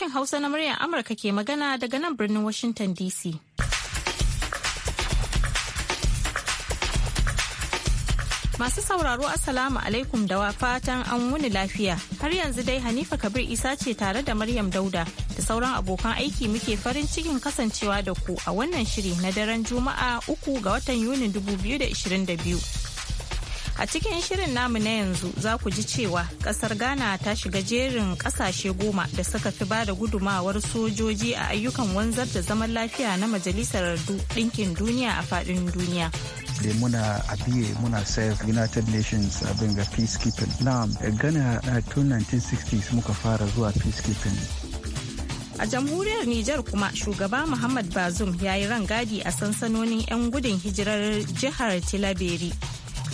sashen Hausa na muryar Amurka ke magana daga nan birnin Washington DC. Masu sauraro Assalamu alaikum da fatan an wuni lafiya. Har yanzu dai Hanifa Kabir Isa ce tare da Maryam Dauda da sauran abokan aiki muke farin cikin kasancewa da ku a wannan shiri na daren Juma'a uku ga watan Yunin 2022. A cikin shirin namu na yanzu za ku ji cewa kasar Ghana ta shiga jerin kasashe goma da suka fi bada gudumawar sojoji a ayyukan wanzar da zaman lafiya na Majalisar Ɗinkin Duniya a faɗin duniya. da eh, muna abiye muna serve united nations abin ga peacekeeping na eh, ghana na eh, tun 1960s muka fara zuwa peacekeeping a jamhuriyar niger kuma shugaba muhammad bazum ya yi rangadi a sansanonin 'yan gudun hijirar jihar tilaberi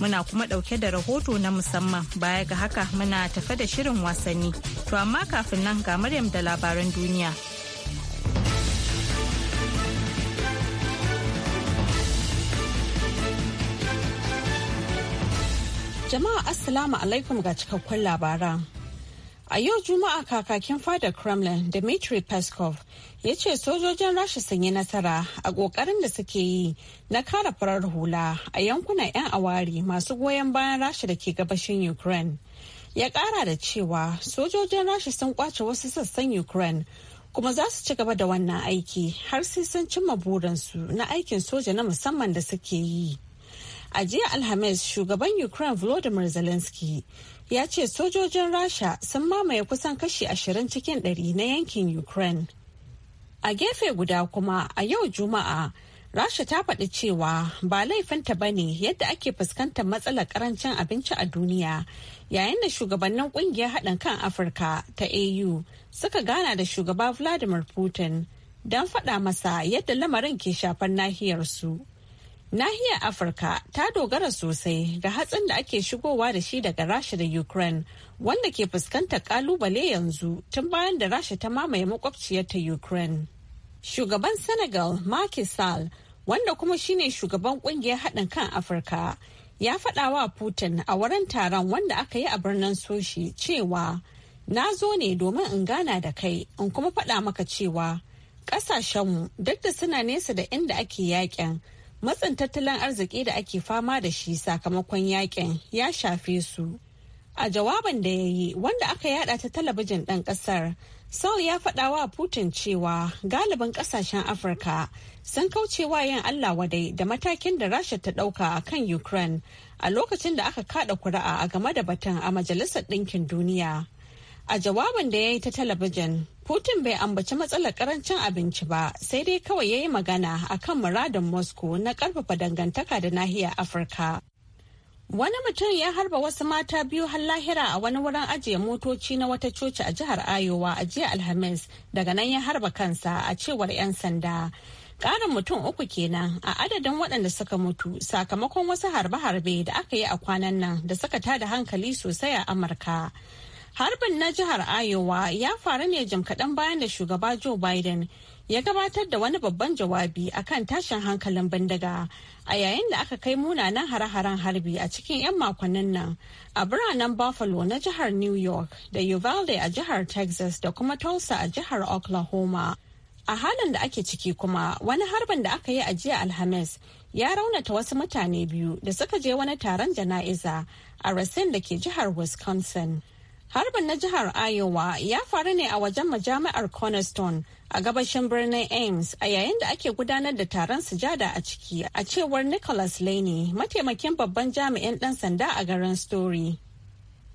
muna kuma ɗauke da rahoto na musamman baya ga haka muna tafe da shirin wasanni to amma kafin nan ga Maryam da labaran duniya. Jama'a Assalamu alaikum ga cikakkun labaran. A yau Juma'a kakakin fada Kremlin Dmitry Peskov ya ce sojojin Rasha sun yi nasara a ƙoƙarin da suke yi na kara farar hula a yankunan 'yan awari masu goyon bayan Rasha da ke gabashin Ukraine. Ya ƙara da cewa sojojin Rasha sun kwace wasu sassan Ukraine kuma za su ci gaba da wannan aiki har sai sun cimma burinsu na aikin soja na musamman da suke yi. a jiya alhamis shugaban ukraine volodymyr zelensky ya ce sojojin rasha sun mamaye kusan kashi ashirin cikin ɗari na yankin ukraine a gefe guda kuma a yau juma'a rasha ta faɗi cewa ba laifinta ba ne yadda ake fuskantar matsalar karancin abinci a duniya yayin da shugabannin kungiyar haɗin kan afirka ta au suka gana da shugaba vladimir putin don faɗa masa yadda lamarin ke shafar nahiyarsu. su Nahiyar Afirka ta dogara sosai ga hatsin da ake shigowa da shi daga Rasha da Ukraine wanda ke fuskantar kalubale yanzu tun bayan da Rasha ta mamaye makwabciyar ta Ukraine. Shugaban Senegal Macky Sall wanda kuma shine shugaban kungiyar haɗin kan Afirka ya faɗa wa Putin a wurin taron wanda aka yi a birnin Soshi cewa na zo ne domin in gana da kai in kuma faɗa maka cewa ƙasashenmu duk da suna nesa da inda ake yakin. matsin tattalin arziki da ake fama da shi sakamakon yakin ya shafe su a jawaban da ya yi wanda aka yada ta talabijin ɗan ƙasar Saul ya faɗa wa Putin cewa galibin ƙasashen Afirka sun kaucewa yin Allah wadai da matakin da Rasha ta ɗauka a kan Ukraine a lokacin da aka kada kuri'a a game da batun a Majalisar Ɗinkin Duniya. A jawabin da ya yi ta talabijin, Putin bai ambaci matsalar karancin abinci ba sai dai kawai ya yi magana a kan muradin Moscow na karfafa dangantaka da nahiyar Afirka. Wani mutum ya harba wasu mata biyu har lahira a wani wurin ajiye motoci na wata coci a jihar Ayowa a jiya Alhamis daga nan ya harba kansa a cewar 'yan sanda. Ƙarin mutum uku kenan a adadin waɗanda suka mutu sakamakon wasu harbe-harbe da aka yi a kwanan nan da suka tada hankali sosai a Amurka. Harbin na jihar Iowa ya faru ne jim kaɗan bayan da shugaba Joe Biden ya gabatar da wani babban jawabi akan tashin hankalin bindiga a yayin da aka kai munanan hare-haren harbi a cikin 'yan makonnin nan a biranen buffalo na jihar new york da uvalde a jihar texas da kuma tulsa a jihar oklahoma a halin da ake ciki kuma wani harbin da aka yi a jiya alhamis ya raunata wasu mutane biyu da suka je wani taron jana'iza a racine da ke jihar wisconsin Harbin na jihar Iowa ya faru ne a wajen majami'ar Cornerstone a gabashin birnin Ames a yayin da ake gudanar da taron sujada a ciki a cewar Nicholas Laney mataimakin babban jami'in ɗan sanda a garin Story.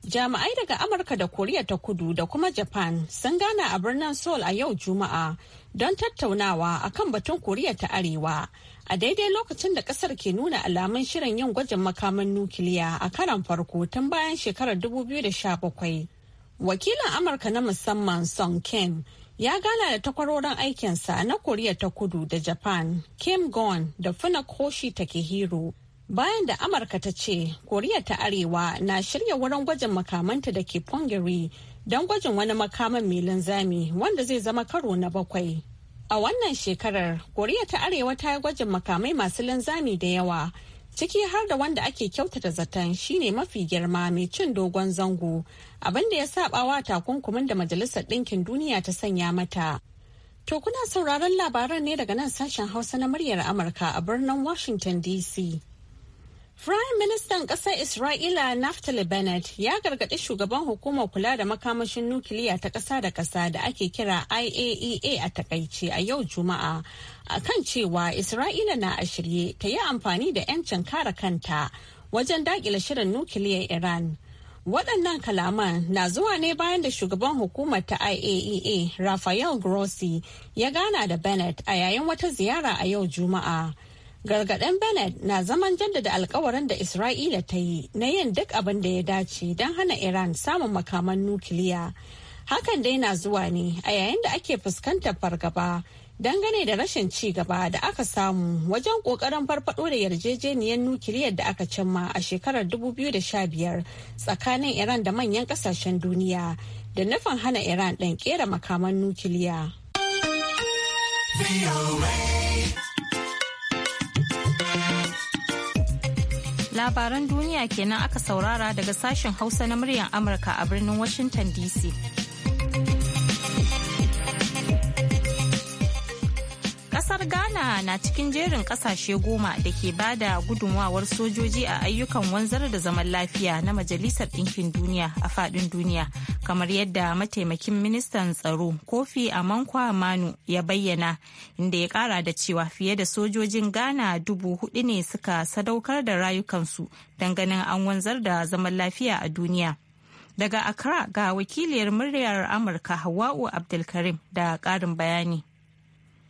Jami'ai daga Amurka da Koriya ta kudu da kuma Japan sun gana a birnin Seoul a yau Juma'a don tattaunawa akan batun Koriya ta Arewa. a daidai lokacin da kasar ke nuna alamun shirin yin gwajin makaman nukiliya a karan farko tun bayan shekarar 2017 wakilin amurka na musamman son kim ya gana da takwarorin aikinsa na koriya ta kudu da japan kim gon da funakoshi takehiro bayan da amurka ta ce koriya ta arewa na shirya wurin gwajin makamanta da ke pongiri don gwajin wani makaman mai linzami wanda zai zama karo na bakwai A wannan shekarar, Koriya ta Arewa ta yi gwajin makamai masu linzami da yawa, ciki har da wanda ake kyautata zaton shine mafi girma mai cin dogon zango, abinda ya sabawa takunkumin da Majalisar Ɗinkin Duniya ta sanya mata. To kuna sauraron labaran ne daga nan sashen Hausa na muryar Amurka a birnin Washington DC. Firayim Ministan Ƙasar Isra'ila Naftali Bennett ya gargaɗi shugaban hukumar kula da makamashin nukiliya ta ƙasa da ƙasa da ake kira IAEA e a takaice a yau Juma'a a kan cewa Isra'ila na a shirye ta yi amfani da 'yancin kare kanta wajen daƙile shirin nukiliyar Iran. Waɗannan kalaman na zuwa ne bayan da shugaban hukumar ta IAEA e Rafael Grossi ya gana da Bennett a yayin wata ziyara a yau Juma'a. gargaɗin Bennett na zaman jaddada alkawarin da Isra'ila ta yi na yin duk abin da ya dace don hana Iran samun makaman nukiliya. Hakan dai na zuwa ne a yayin da ake fuskantar fargaba dangane da rashin ci gaba da aka samu wajen kokarin farfado da yarjejeniyar nukiliyar da aka cimma a shekarar 2015 tsakanin Iran da manyan kasashen duniya da nufin hana Iran ɗan kera makaman nukiliya. Labaran duniya kenan aka saurara daga sashen Hausa na muryar Amurka a birnin Washington DC. Kasar Ghana na cikin jerin kasashe goma da ke ba da gudunmawar sojoji a ayyukan wanzar da zaman lafiya na Majalisar Ɗinkin Duniya a faɗin duniya, kamar yadda mataimakin ministan tsaro Kofi Amankwa Manu ya bayyana, inda ya ƙara da cewa fiye da sojojin Ghana dubu hudu ne suka sadaukar da rayukansu don ganin an wanzar da zaman lafiya a duniya. Daga Accra ga wakiliyar muryar Amurka hawa'u Abdulkarim da ƙarin bayani.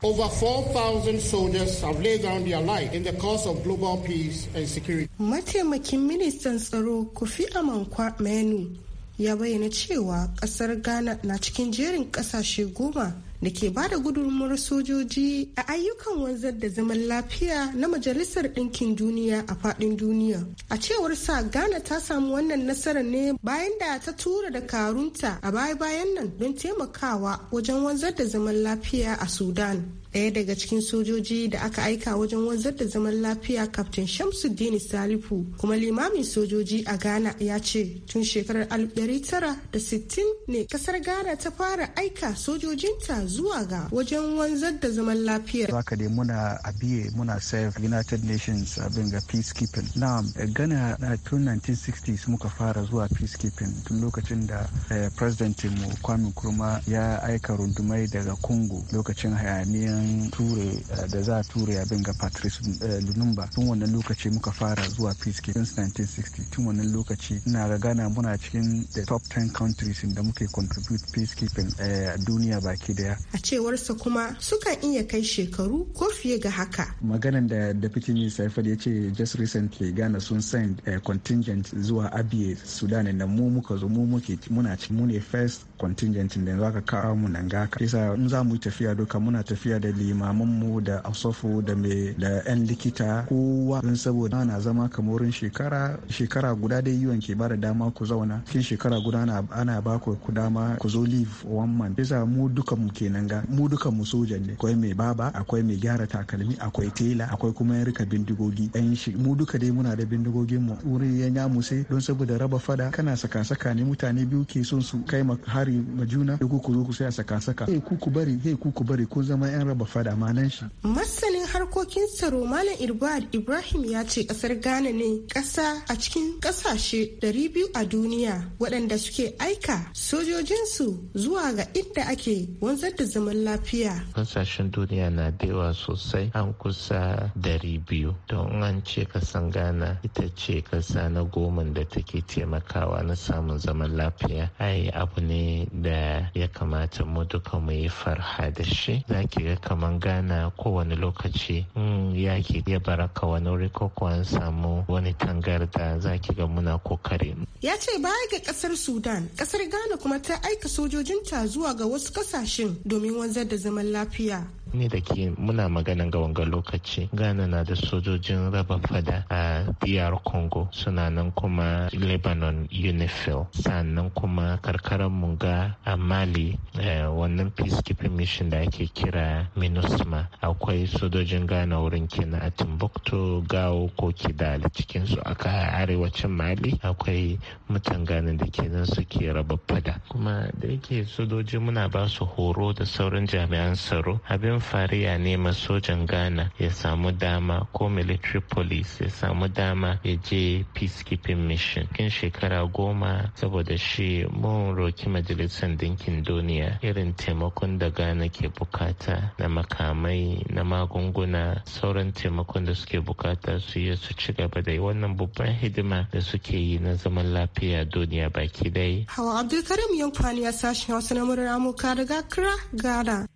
Over 4,000 soldiers have laid down their life in the cause of global peace and security. Mataimakin ministan tsaro Kofi Amankwa Menu ya bayyana cewa kasar Ghana na cikin jerin kasashe goma da ke ba da gudunmuwar sojoji a ayyukan wanzar da zaman lafiya na Majalisar Ɗinkin Duniya a faɗin duniya. A cewar sa Ghana ta samu wannan nasarar ne bayan da ta tura da karunta a baya-bayan nan don taimakawa wajen wanzar da zaman lafiya a Sudan. ɗaya daga cikin sojoji da aka aika wajen wanzar da zaman lafiya kaftin shamsuddin salifu kuma limamin sojoji a ghana ya ce tun shekarar 1960 ne kasar ghana ta fara aika sojojinta zuwa ga wajen wanzar da zaman lafiya zaka dai muna abiye muna serve united nations abin ga peacekeeping na eh, ghana na tun 1960s muka fara zuwa peacekeeping tun lokacin da eh, president mu kwame kurma ya aika rundumai daga congo lokacin hayaniyan wannan ture eh, da za a ture abin ga patrice eh, lumumba tun wannan lokaci muka fara zuwa peace since 1960 tun wannan lokaci na ga ghana muna cikin the top 10 countries da muke contribute peacekeeping eh, a duniya baki daya a cewar sa kuma sukan iya kai shekaru ko fiye ga haka maganan da deputy minister ifad ya ce just recently gana sun send contingent zuwa abie sudan da mu muka zo mu muke muna ci mu ne first contingentin da yanzu ka kawo mu nan gaka yasa in za mu yi tafiya duka muna tafiya da limaman mu da asofu da me da yan likita kowa don saboda na zama kamorin shekara shekara guda dai yiwon ke bada dama ku zauna cikin shekara guda ana ba ku dama ku zo leave one month yasa mu duka mu kenan ga mu duka mu sojan ne akwai mai baba akwai mai gyara takalmi akwai tela akwai kuma yan rika bindigogi yan shi mu duka dai muna da bindigogin mu wuri ya sai don saboda raba fada kana saka saka ne mutane biyu ke son su kai hari bari ma juna ko zo ku a saka saka ya kuku bari ya kuku bari ko zama yan raba fada malan shi masanin harkokin tsaro malam irbad ibrahim ya ce kasar ghana ne kasa a cikin kasashe 200 a duniya waɗanda suke aika sojojinsu zuwa ga inda ake wanzar da zaman lafiya kasashen duniya na da yawa sosai an kusa 200 don an ce kasan ghana ita ce kasa na goma da take taimakawa na samun zaman lafiya ai abu ne da ya kamata mu duka mu yi farha da shi za ki ga kamar gana kowane lokaci in ki ya baraka wani wuri ko kuwa samu wani tangarda za ki ga muna kokari. ya ce baya ga kasar sudan kasar ghana kuma ta aika sojojinta zuwa ga wasu kasashen domin wanzar da zaman lafiya ne da ke muna magana ga wanga lokaci ghana na da sojojin raba fada a dr congo suna nan kuma lebanon unifil sannan kuma karkarar munga a mali eh, wannan peacekeeping mission da ake kira minusma akwai sojojin ghana wurin kenan a timbuktu gawo ko kidali cikinsu a arewacin mali akwai mutan ghana da nan suke raba fada kuma da yake sojoji muna ba su horo da sauran jami'an tsaro abin fariya ne ma sojan ghana ya samu dama ko military police ya samu dama ya je peacekeeping mission kin shekara goma saboda shi mun roki majalisar dinkin duniya irin taimakon da ghana ke bukata na makamai na magunguna sauran taimakon da suke bukata su yi su ci gaba da wannan babban hidima da suke yi na zaman lafiya duniya baki dai hawa abdulkarim yankwani ya sashen wasu na murar amurka daga kira ghana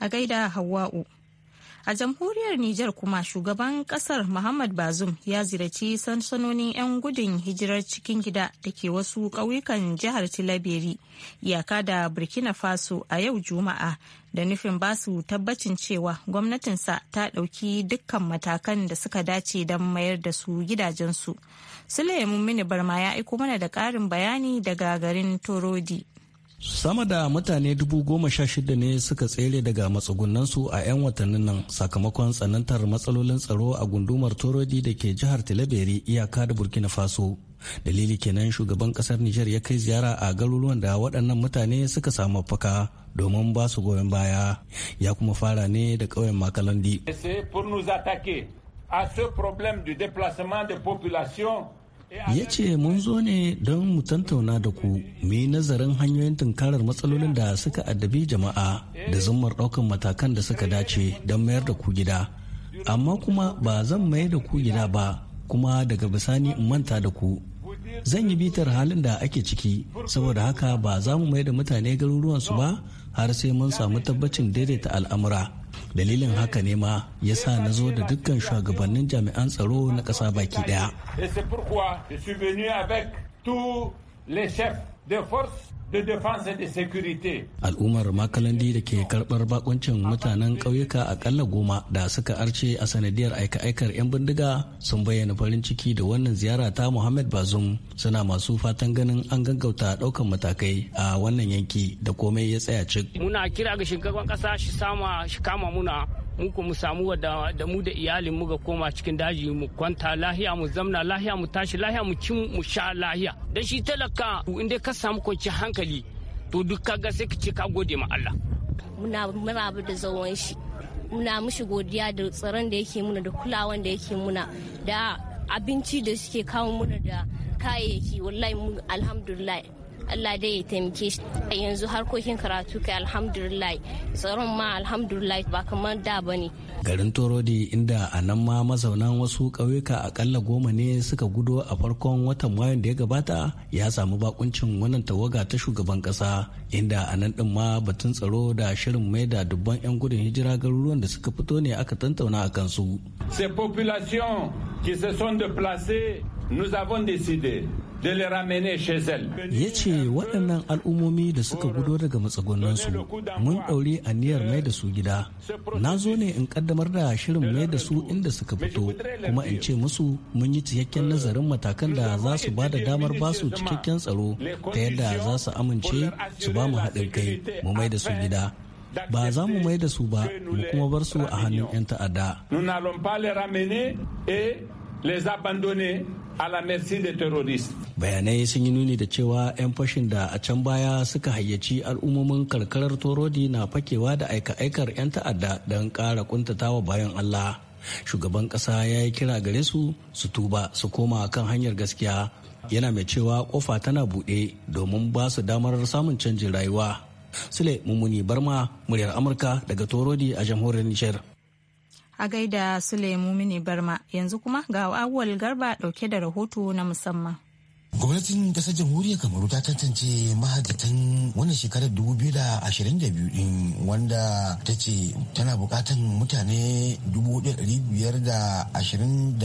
a gaida hawa'u A jamhuriyar Nijar kuma shugaban kasar Muhammad Bazum ya ziyarci sansanonin 'yan gudun hijirar cikin gida da ke wasu ƙauyukan jihar Tilaberi iyaka da Burkina Faso a yau Juma'a da nufin basu tabbacin cewa gwamnatinsa ta ɗauki dukkan matakan da suka dace don mayar da su gidajensu. Suleiman Mini Barma ya aiko mana da ƙarin bayani daga garin Torodi. Sama da mutane dubu goma sha shida ne suka tsere daga matsugunansu a 'yan watannin nan sakamakon tsanantar matsalolin tsaro a gundumar Torodi da ke jihar Tilaberi iyaka da Burkina Faso. Dalili kenan shugaban kasar Nijar ya kai ziyara a garuruwan da waɗannan mutane suka samu faka domin ba su goyon baya. Ya kuma fara ne da ƙauyen Makalandi. a ce problem de déplacement de population ya ce mun zo ne don mu tantauna da ku mu yi nazarin hanyoyin tunkarar matsalolin da suka addabi jama'a da zummar ɗaukan matakan da suka dace don mayar da ku gida amma kuma ba zan mayar da ku gida ba kuma daga bisani in manta da ku zan yi bitar halin da ake ciki saboda haka ba za mu mai da mutane garuruwansu ba har sai mun samu tabbacin daidaita al'amura dalilin haka ne ma ya sa na zo da dukkan shugabannin jami'an tsaro na ƙasa baki ɗaya. the force de défense et de sécurité. Al'ummar Makalandi da ke karɓar bakuncin mutanen ƙauyuka akalla goma da suka arce a sanadiyar aika-aikar 'yan bindiga sun bayyana farin ciki da wannan ziyara ta Muhammad Bazum suna masu fatan ganin an gaggauta ɗaukan matakai a wannan yanki da komai ya tsaya cik. Muna kira ga shugaban ƙasa shi sama shi kama muna mu ku mu samu da mu da iyalin mu ga koma cikin daji mu kwanta lahiya mu zamna lahiya mu tashi lahiya mu ci mu sha lahiya da shi talaka in dai ka samu kwanci hankali to duk ka ga sai ka ce ka gode ma Allah muna marabu da zawon shi muna mushi godiya da tsaron da yake muna da kulawan da yake muna da abinci da suke kawo muna da kayayyaki wallahi alhamdulillah Allah dai ya taimake shi yanzu harkokin karatu kai alhamdulillah tsaron ma alhamdulillah ba kamar da ba ne. garin torodi inda a nan ma mazaunan wasu ƙauyuka aƙalla goma ne suka gudo a farkon watan mayun da ya gabata ya samu bakuncin wannan tawaga ta shugaban ƙasa inda a nan din ma batun tsaro da shirin mai da dubban 'yan gudun hijira garuruwan da suka fito ne aka tantauna a kansu. Ces populations qui se sont déplacées, nous avons décidé ya ce waɗannan al'ummomi da suka gudo daga matsagonansu mun ɗauri aniyar mai da su gida na zo ne in ƙaddamar da shirin mai da su inda suka fito kuma in ce musu mun yi cikakken nazarin matakan da za su ba da damar ba su cikakken tsaro ta yadda za su amince su ba mu haɗin kai mu mai da su gida ba za mu mai da su ba mu kuma bar su a hannun 'yan ta'adda. les abandonner à la merci des terroristes. Bayanai sun yi nuni da cewa 'yan fashin da a can baya suka hayyaci al'ummomin karkarar Torodi na fakewa da aika-aikar 'yan ta'adda don kara kuntatawa bayan Allah. Shugaban kasa ya yi kira gare su su tuba su koma kan hanyar gaskiya yana mai cewa kofa tana buɗe domin ba su damar samun canjin rayuwa. Sule Mummuni Barma, muryar Amurka daga Torodi a jamhuriyar Nijar. a gaida Suleimu Mini Barma yanzu kuma ga awwal garba dauke da rahoto na musamman. gwamnatin kasar jamhuriyar kamaru ta tantance mahajjatan wannan shekarar 2022 din wanda ta ce tana bukatan mutane biyar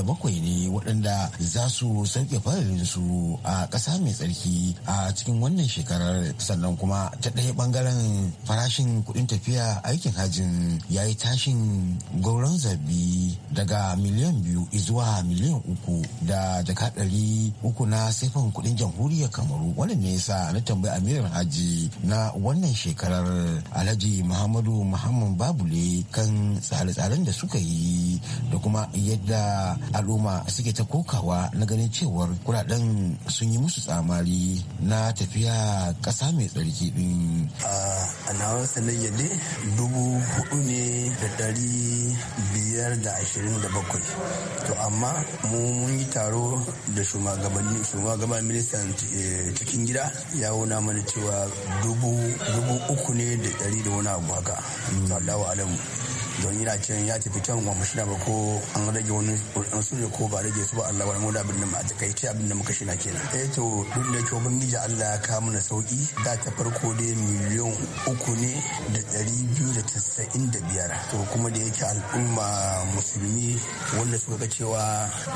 bakwai ne waɗanda za su sauke su a ƙasa mai tsarki a cikin wannan shekarar sannan kuma ta ɗaya ɓangaren farashin kuɗin tafiya aikin hajjin ya yi tashin gauran zabi daga miliyan biyu zuwa miliyan uku da jaka ɗari uku na sifan kasafin kuɗin jamhuriyar kamaru wannan ne yasa na tambayi amirin haji na wannan shekarar alhaji muhammadu muhammad babule kan tsare-tsaren da suka yi da kuma yadda al'umma suke ta kokawa na ganin cewar kuɗaɗen sun yi musu tsamari na tafiya ƙasa mai tsarki din. a nawar sanayya ne dubu hudu ne da dari biyar da ashirin da bakwai to amma mun yi taro da shugabanni taba ministan eh, cikin gida ya wuna mana cewa dubu uku ne da dari da wani abu haka. Allahu alamu. don yana can ya tafi can wa mashina ba ko an rage wani su ne ko ba rage su ba Allah wani mu da abinda a abin da muka shina kenan eh to duk da cewa nija Allah ya kawo mana sauki da ta farko dai miliyan uku ne da ɗari biyu da tasa'in da biyar to kuma da yake al'umma musulmi wanda suka ga cewa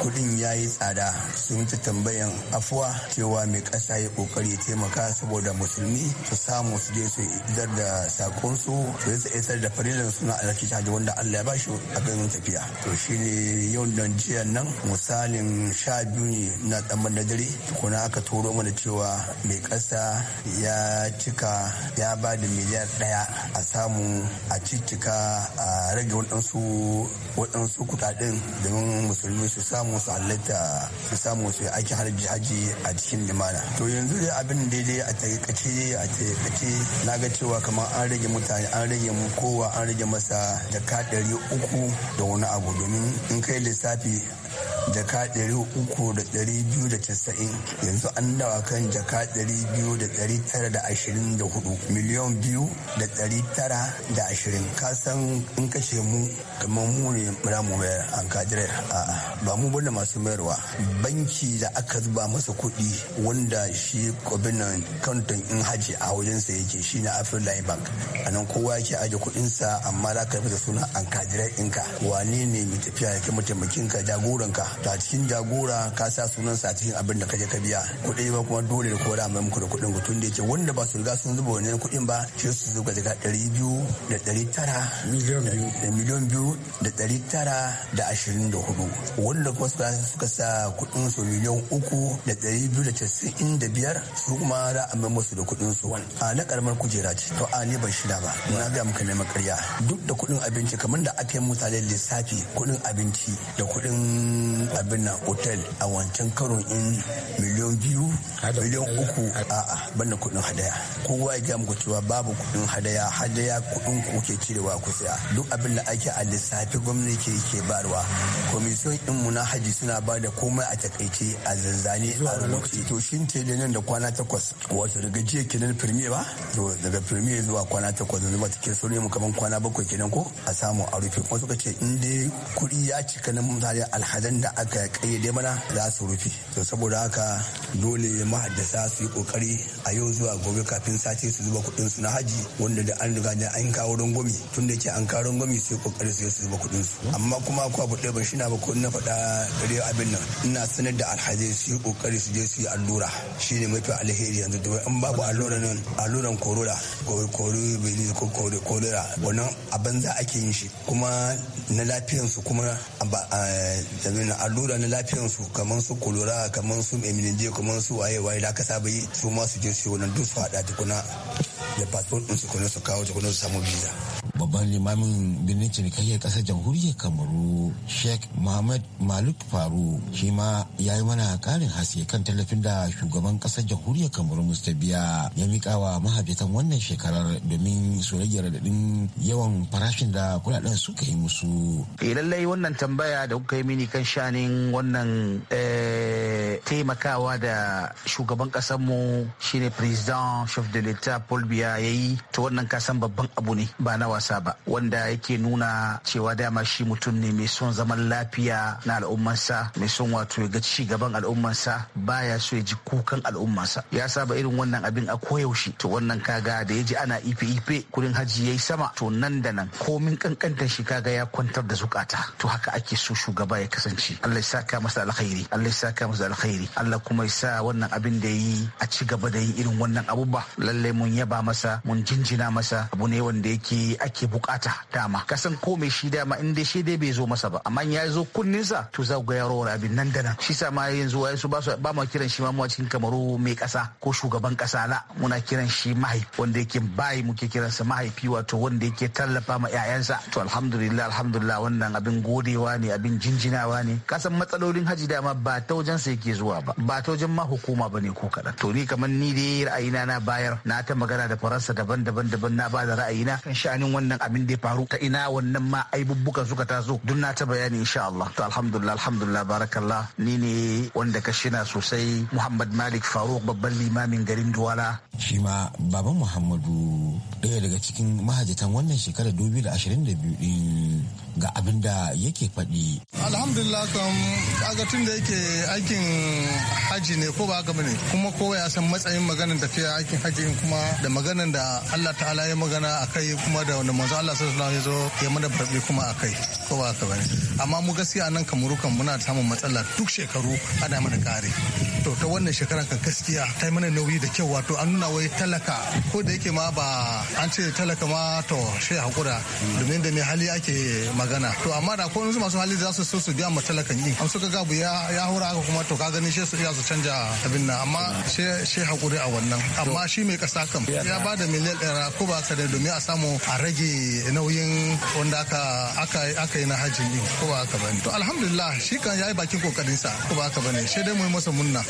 kuɗin ya yi tsada sun ta tambayan afuwa cewa mai ƙasa ya ƙoƙari ya taimaka saboda musulmi su samu su je su idar da sakonsu su isar da farilan suna alhaji da wanda Allah ya bashi a kan tafiya to shi ne yau da jiya nan misalin sha biyu na tsamman na dare tukuna aka turo mana cewa mai kasa ya cika ya ba da miliyar ɗaya a samu a cikika a rage waɗansu waɗansu kuɗaɗen domin musulmi su samu su halatta su samu su aiki harji haji a cikin limana to yanzu dai abin daidai a kace a na ga cewa kamar an rage mutane an rage kowa an rage masa jaka ɗari uku da wani abu domin in kai lissafi jaka ɗari yanzu an dawa kan jaka ɗari biyu miliyan biyu da ɗari kasan in kashe mu kamar mu ne mura mu mayar an kadirar a ba mu bane masu mayarwa banki da aka zuba masa kuɗi wanda shi kwabinan kantin in hajji a wajen sa yake shi na afirlai bank a nan kowa yake aje kuɗinsa amma za ka fita suna an kadirar wane ne mai tafiya ya mataimakinka jagora jagoranka to a cikin jagora ka sa sunansa a cikin abin da kaje ka biya kuɗi ba kuma dole da kowa da mai muku da kuɗin ku tun da yake wanda ba su riga sun zuba wannan kuɗin ba shi su zuba daga ɗari biyu da ɗari tara eh, miliyan biyu da ɗari tara da ashirin da hudu wanda kuma suka sa kuɗin su miliyan uku da ɗari biyu da casa'in da biyar su kuma za a mai musu da kuɗin su a na karamar kujera ce to a ne ban shida ba na ga muka neman karya duk da kuɗin abinci kamar da ake mutane lissafi kuɗin abinci da kuɗin abin na otel a wancan karon in miliyon biyu miliyon uku a'a banda kudin hadaya kowa ya gamu cewa babu kudin hadaya hadaya kudin ku ke cirewa ku tsaya duk abin da ake a lissafi gwamnati ke ke barwa komisiyon in mu na haji suna ba da komai a takaice a zanzane a rubuce to shin te da nan da kwana takwas wato daga jiya kenan firmiye ba to daga firmiye zuwa kwana takwas yanzu ba take so ne mu kaman kwana bakwai kenan ko a samu a rufe kuma suka ce in dai kuɗi ya cika na mutane alhaji wajajen da aka kayyade mana za su rufe to saboda haka dole mahaddasa su yi kokari a yau zuwa gobe kafin sati su zuba kuɗin su na haji wanda da an riga da an kawo rangwami tun da ke an kawo rangwami su yi kokari su su zuba kuɗin su amma kuma ko abu ɗaya ba shi na ba ko na faɗa dare abin nan ina sanar da alhaji su yi kokari su je su yi allura shine mafi alheri yanzu domin in babu allura nan alluran korora ko korora wannan a banza ake yin shi kuma na lafiyar su kuma eh, abin allura na lafiyan su kamar su kulura kamar su eminije kamar su waye waye da aka saba yi su ma su je su yi wannan duk su hada tukuna da passport din su kuna su kawo tukuna su samu visa babban limamin birnin cinikayyar ƙasar jamhuriyar kamaru sheikh muhammad malik faru shi ma ya yi mana ƙarin haske kan tallafin da shugaban ƙasar jamhuriyar kamaru musta biya ya miƙa wa mahajjatan wannan shekarar domin su rage raɗaɗin yawan farashin da kuɗaɗen suka yi musu. Eh, lallai wannan tambaya da kuka yi mini kan shanin wannan eh, taimakawa da shugaban ƙasarmu shine president chef de l'etat paul biya ya yi ta wannan kasan babban abu ne ba na wasa siyasa ba wanda yake nuna cewa dama shi mutum ne mai son zaman lafiya na al'ummarsa mai son wato ya ga ci gaban al'ummarsa baya so ya ji kukan al'ummarsa ya saba irin wannan abin a koyaushe to wannan kaga da ya ji ana ife ife kudin haji yayi sama to nan da nan komin kankantar shi kaga ya kwantar da zukata to haka ake so shugaba ya kasance Allah ya saka masa alkhairi Allah ya saka masa alkhairi Allah kuma ya sa wannan abin da yi a ci gaba da yin irin wannan abubuwa lallai mun yaba masa mun jinjina masa abu ne wanda yake ake ake bukata dama kasan ko mai shi dama inda shi dai bai zo masa ba amma ya zo kunninsa to za ga yaro abin nan da nan shi sa ma yanzu wa su ba su ba ma kiran shi ma mu a cikin kamaru mai kasa ko shugaban kasa la muna kiran shi mahaifi wanda yake bayi muke sa mahaifi wato wanda yake tallafa ma 'ya'yansa to alhamdulillah alhamdulillah wannan abin godewa ne abin jinjinawa ne kasan matsalolin haji dama ba ta wajen sa yake zuwa ba ba ta wajen ma hukuma bane ko kaɗan to ni kamar ni dai ra'ayina na bayar na ta magana da faransa daban-daban daban na ba da ra'ayina wannan abin da ya faru ta ina wannan ma aibubbukan suka taso duk na ta bayani insha Allah to alhamdulillah alhamdulillah barakallah ni ne wanda ka shina sosai Muhammad Malik Faruk babban limamin garin Duwala shi ma baban Muhammadu daya daga cikin mahajjatan wannan shekarar 2022 din ga abin da yake faɗi. Alhamdulillah kan kagatun da yake aikin haji ne ko ba haka bane kuma kowa ya san matsayin maganar tafiya aikin haji kuma da maganar da Allah ta'ala ya magana a kai kuma da wanda manzo Allah sallallahu alaihi ya zo ya mana barbe kuma a kai ko ba haka bane amma mu gaskiya nan kamaru muna samun matsala duk shekaru ana mana kare to ta wannan shekaran kan gaskiya ta mana nauyi da kyau wato an nuna wai talaka ko da yake ma ba an ce talaka ma to shi hakura domin da ne hali ake magana to amma da akwai wasu masu hali za su so su biya talakan yi an suka gabu ya hura haka kuma to ka gani shi su iya su canja abin nan amma shi hakuri a wannan amma shi mai kasa kam ya ba da miliyan ɗaya ko ba ka da domin a samu a rage nauyin wanda aka yi na hajjin yi ko ba ka bane to alhamdulillah shi kan yayi bakin kokarin sa ko ba ka bane shi dai mun yi masa munna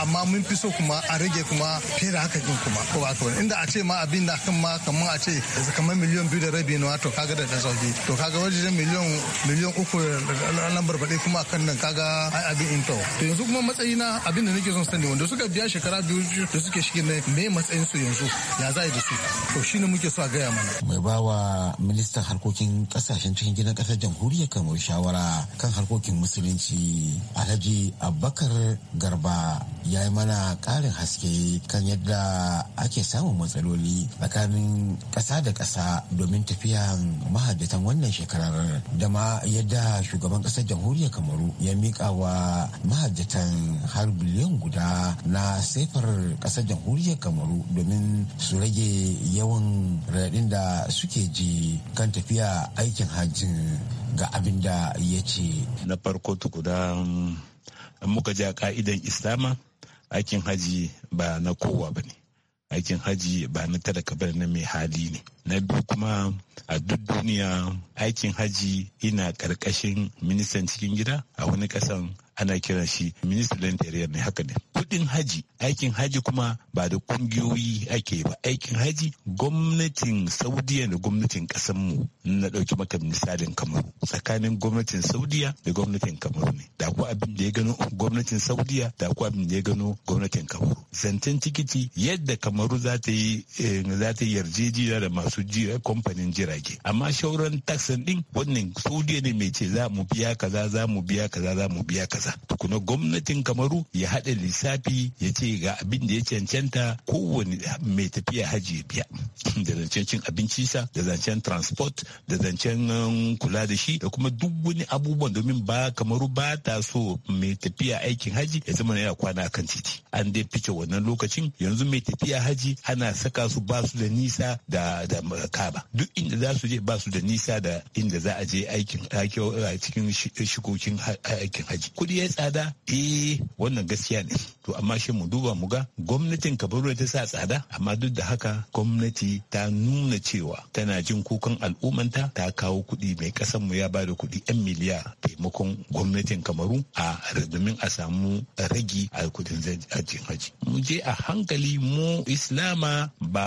amma mun fi so kuma a rage kuma fiye da haka din kuma ko ba ka bane inda a ce ma abin da kan ma kaman a ce kaman miliyan biyu da rabi na to kaga da sauki to kaga wajen miliyan miliyan uku da eh, barbaɗe kuma kan nan kaga ai abin in to yanzu kuma matsayi na abin da nake son sani wanda suka biya shekara biyu da suke shige ne me matsayin su yanzu ya za da su to shine muke so a gaya mana mai bawa ministan harkokin kasashen cikin gidan kasar jamhuriyar kamar shawara kan harkokin musulunci alhaji abubakar garba ya yi mana karin haske kan yadda ake samun matsaloli tsakanin ƙasa da ƙasa domin tafiyan mahajjatan wannan shekarar da ma yadda shugaban kasar jamhuriyar kamaru ya mika wa mahajjatan har biliyan guda na sefar kasar jamhuriyar kamaru domin su rage yawan raɗin da suke ji kan tafiya aikin hajjin ga abin da ya ce na farko tukuda muka ja ka'idan islama aikin haji ba na kowa ba ne aikin haji ba na talaka ba na mai hali ne na biyu kuma a duk duniya aikin haji ina karkashin ministan cikin gida a wani kasan ana kiran shi ministan interior ne haka ne kudin haji aikin haji kuma ba da kungiyoyi ake ba aikin haji gwamnatin saudiya da gwamnatin kasanmu na dauki maka misalin kamaru tsakanin gwamnatin saudiya da gwamnatin kamaru ne da ku abin da ya gano gwamnatin saudiya da ku abin da ya gano gwamnatin kamaru zancen tikiti yadda kamaru za ta yi eh, za ta yarjejeniya da masu su eh, kamfanin jirage amma shauran taxin din wannan saudiya ne mai ce za mu biya kaza za mu biya kaza za mu biya kaza tukuna gwamnatin kamaru ya haɗa lissafi ya ce ga abin da ya cancanta kowane mai tafiya haji ya biya da zancen cin abinci sa da zancen transport da zancen um, kula da shi da kuma duk wani abubuwan domin ba kamaru ba ta so mai tafiya aikin hajji ya zama yana kwana kan titi an dai fice wannan lokacin yanzu mai tafiya hajji ana saka su ba su da nisa da da ba duk inda za su je ba su da nisa da inda za a je aikin cikin shikokin aikin haji kudi ya tsada eh wannan gaskiya ne to amma shi mu duba mu ga gwamnatin da ta sa tsada amma duk da haka gwamnati ta nuna cewa tana jin kukan al'ummanta ta kawo kuɗi mai kasan mu ya ba da kuɗi 'yan miliya taimakon gwamnatin kamaru a domin a samu ragi a kudin aikin haji mu je a hankali mu islama ba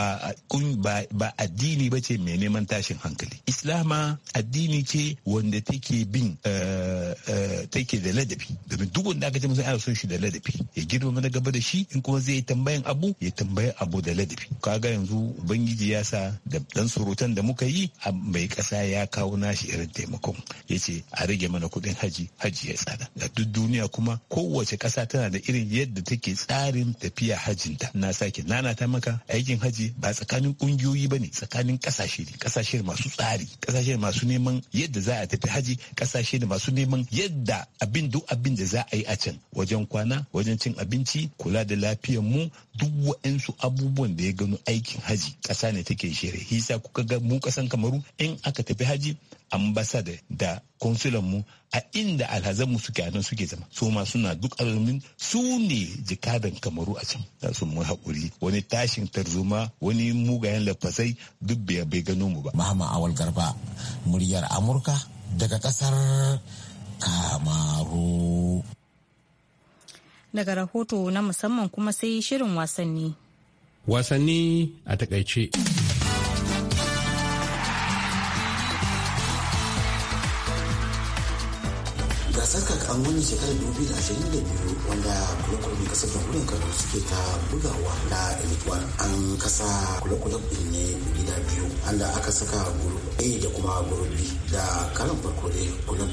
ba addini addini ba ce mai neman tashin hankali islama addini ce wanda take bin eh, eh, take da ladabi domin duk wanda aka ce masa ana son shi da ladabi ya girma na gaba da shi in kuma zai yi tambayan abu ya tambaya abu da ladabi kaga yanzu ubangiji ya sa da dan surutan da muka yi mai kasa ya kawo nashi irin taimakon ya ce a rage mana kuɗin haji haji ya tsada da duk duniya kuma kowace kasa tana da irin yadda take tsarin tafiya hajinta na sake nana ta maka aikin haji ba tsakanin ƙungiyoyi ba ne tsakanin kasashe ne kasashe masu tsari kasashe masu neman yadda za a tafi haji kasashe ne masu neman yadda abin duk abin da za a yi a can wajen kwana wajen cin abinci kula da lafiyar mu duk wa'ansu abubuwan da ya gano aikin haji ƙasa ne take shere hisa kuka ga mu ƙasan kamaru in aka tafi haji ambasada da konsulan mu a inda alhazanmu suke nan suke zama su ma suna duk alamin su ne jikadan kamaru a can da su mun haƙuri wani tashin tarzoma wani mugayen lafasai duk bai gano mu ba. Mahama Awal Garba muryar Amurka daga ƙasar Kamaru. daga rahoto na musamman kuma sai shirin wasanni. Wasanni a takaice. gasar kakar shekarar 2022 wanda kasar jamhuriyar kano suke ta bugawa da elitwar an kasa kula-kula ne gida biyu da aka saka guru a da kuma guru b da karan farko dai kula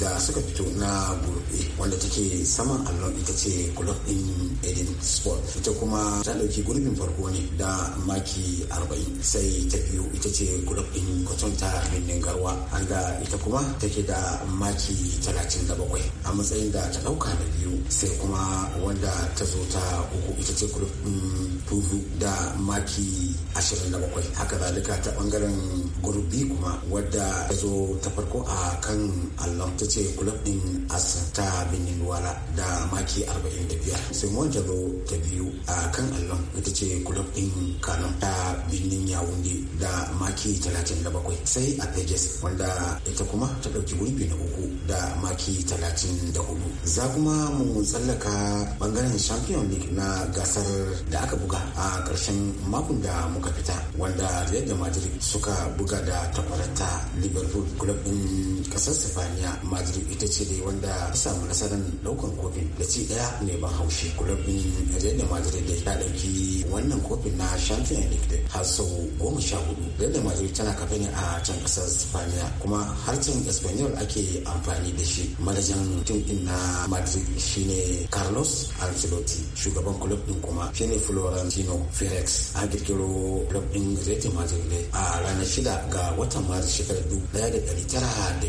da suka fito na guru a wanda take saman allon ita ce kula din edin sport ita kuma ta dauki gurbin farko ne da maki 40 sai ta biyu ita ce kula din kwaton ta birnin garwa anda ita kuma take da maki 37 a matsayin da ta dauka na biyu sai kuma wani da ta zo ta uku ita ce kulob mm, da maki 27 haka zalika ta bangaren gurbi kuma wadda ya zo ta farko a kan allon ta ce kulab din asa ta benin wala da maki 45 sai mon jalo ta biyu a kan allon ita ce kulab din kanon ta birnin yawundi da maki 37 sai a pages wanda ita kuma ta ɗauki gurbi na uku da maki 34 za kuma mu tsallaka bangaren champion league na gasar da aka buga a ƙarshen makon da muka fita wanda yadda madrid suka buga buga da tabarata liverpool club din kasar sifaniya madrid ita ce dai wanda ta samu nasarar daukan kofin da ci daya ne ban haushi club din real madrid da ta dauki wannan kofin na champion league har sau goma sha hudu real madrid tana kafe ne a can kasar sifaniya kuma harshen espanyol ake amfani da shi manajan tim din na madrid shine carlos ancelotti shugaban club din kuma shine florentino felix a kirkiro club din real madrid a ranar shida ga watan maris shekarar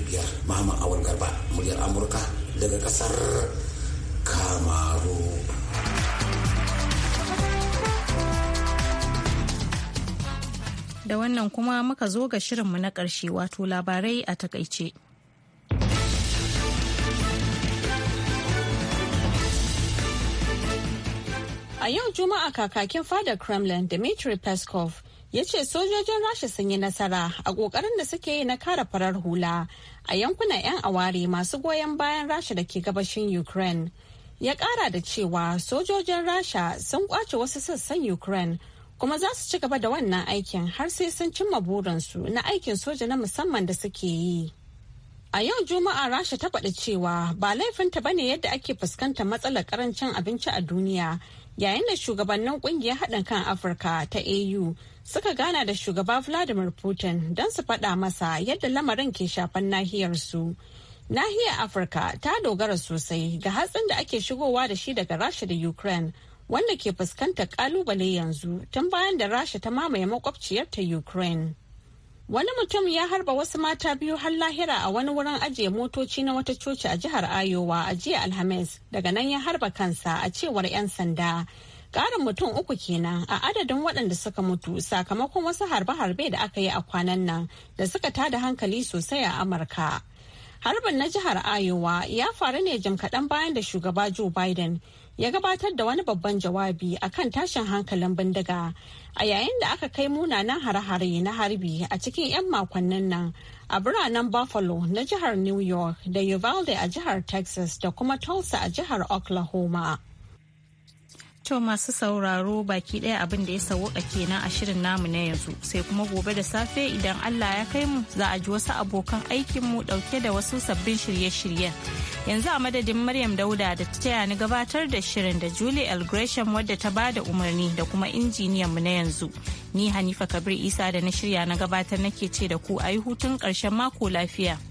biyar mama awar garba muryar amurka daga kasar kamaru da wannan kuma muka zo ga shirinmu na ƙarshe wato labarai a takaice A yau Juma'a kakakin fadar Kremlin Dmitry Peskov ya ce sojojin rasha sun yi nasara a ƙoƙarin da suke yi na kara farar hula a yankunan 'yan aware masu goyon bayan rasha da ke gabashin ukraine ya ƙara da cewa sojojin rasha sun ƙwace wasu sassan ukraine kuma za su ci gaba da wannan aikin har sai sun cimma burinsu na aikin soja na musamman da suke yi a yau juma'a rasha ta faɗi cewa ba laifinta bane yadda ake fuskantar matsalar karancin abinci a duniya yayin da shugabannin kungiyar haɗin kan afirka ta au suka gana da shugaba vladimir putin don su faɗa masa yadda lamarin ke shafan nahiyar su. nahiyar afirka ta dogara sosai ga hatsin da ake shigowa da shi daga rasha da ukraine wanda ke fuskantar kalubale yanzu tun bayan da rasha ta mamaye makwabciyarta ukraine Wani mutum ya harba wasu mata biyu har lahira a wani wurin ajiye motoci na wata coci a jihar Ayowa a jiya Alhamis daga nan ya harba kansa a cewar 'yan sanda. Karin mutum uku kenan a adadin waɗanda suka mutu sakamakon wasu harbe-harbe da aka yi a kwanan nan da suka tada hankali sosai a Amurka. Harbin na jihar Ayowa ya faru ne jim kaɗan bayan da shugaba Joe Biden ya gabatar da wani babban jawabi a kan tashin hankalin bindiga a yayin da aka kai munanan hare-hare na harbi a cikin 'yan makonnin nan a biranen buffalo na jihar new york da uvalde a jihar texas da kuma tulsa a jihar oklahoma To masu sauraro baki ɗaya abin da ya sauka kenan a shirin namu na yanzu sai kuma gobe da safe idan Allah ya kai mu za a ji wasu abokan aikin mu ɗauke da wasu sabbin shirye-shiryen. Yanzu a madadin Maryam Dauda da ta taya ni gabatar da shirin da Julie L. wadda ta ba da umarni da kuma injiniyan mu na yanzu. Ni Hanifa Kabir Isa da na shirya na gabatar nake ce da ku a hutun karshen mako lafiya.